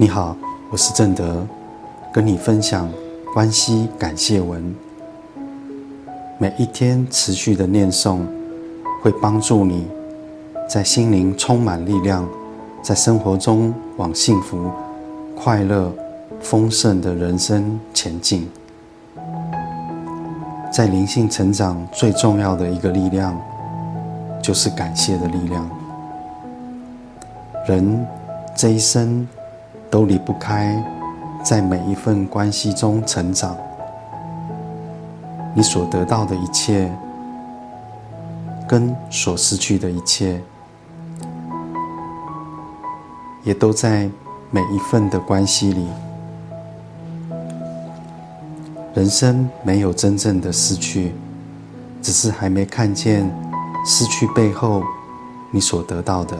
你好，我是正德，跟你分享關係感謝文。每一天持續的念誦，會幫助你在心靈充滿力量，在生活中往幸福、快樂、豐盛的人生前進。在靈性成長最重要的一個力量，就是感謝的力量。人這一生。都離不開在每一份關係中成長。你所得到的一切，跟所失去的一切，也都在每一份的關係裡。人生沒有真正的失去，只是還沒看見失去背後你所得到的。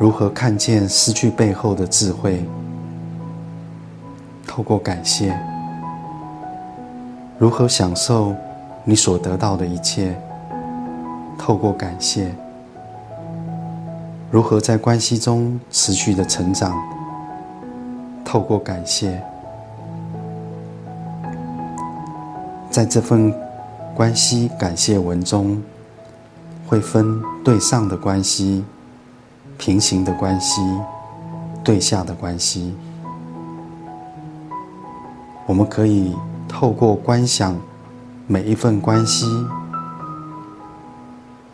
如何看見失去背後的智慧？透過感謝。如何享受你所得到的一切？透過感謝。如何在關係中持續地成長？透過感謝。在這份關係感謝文中，會分對上的關係。平行的關係，對下的關係，我們可以透過觀想每一份關係，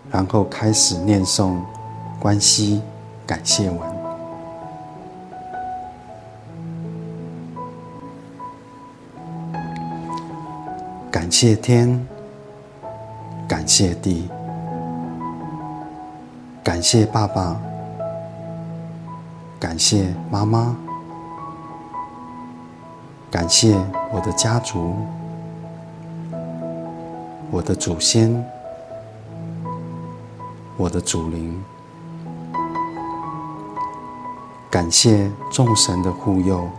然後開始念誦關係感謝文。感謝天，感謝地，感謝爸爸。感謝媽媽，感謝我的家族，我的祖先，我的祖靈，感謝眾神的護佑，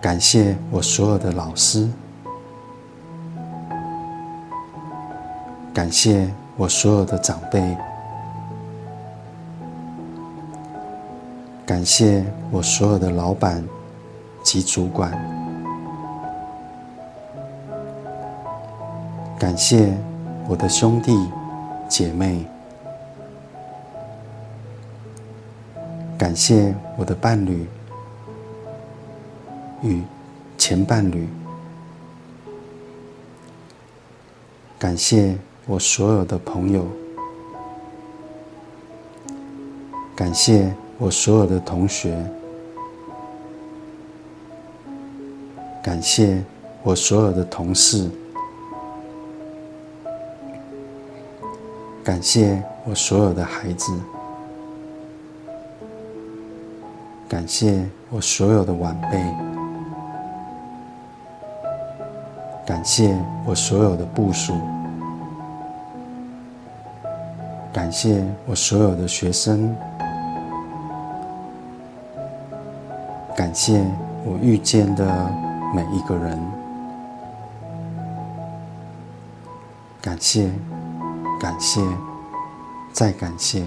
感謝我所有的老師，感謝我所有的長輩。感謝我所有的老闆及主管，感謝我的兄弟姐妹，感謝我的伴侶與前伴侶，感謝我所有的朋友，感謝我所有的同學，感謝我所有的同事，感謝我所有的孩子，感謝我所有的晚輩，感謝我所有的部屬，感謝我所有的學生。感謝我遇見的每一個人，感謝，感謝，再感謝。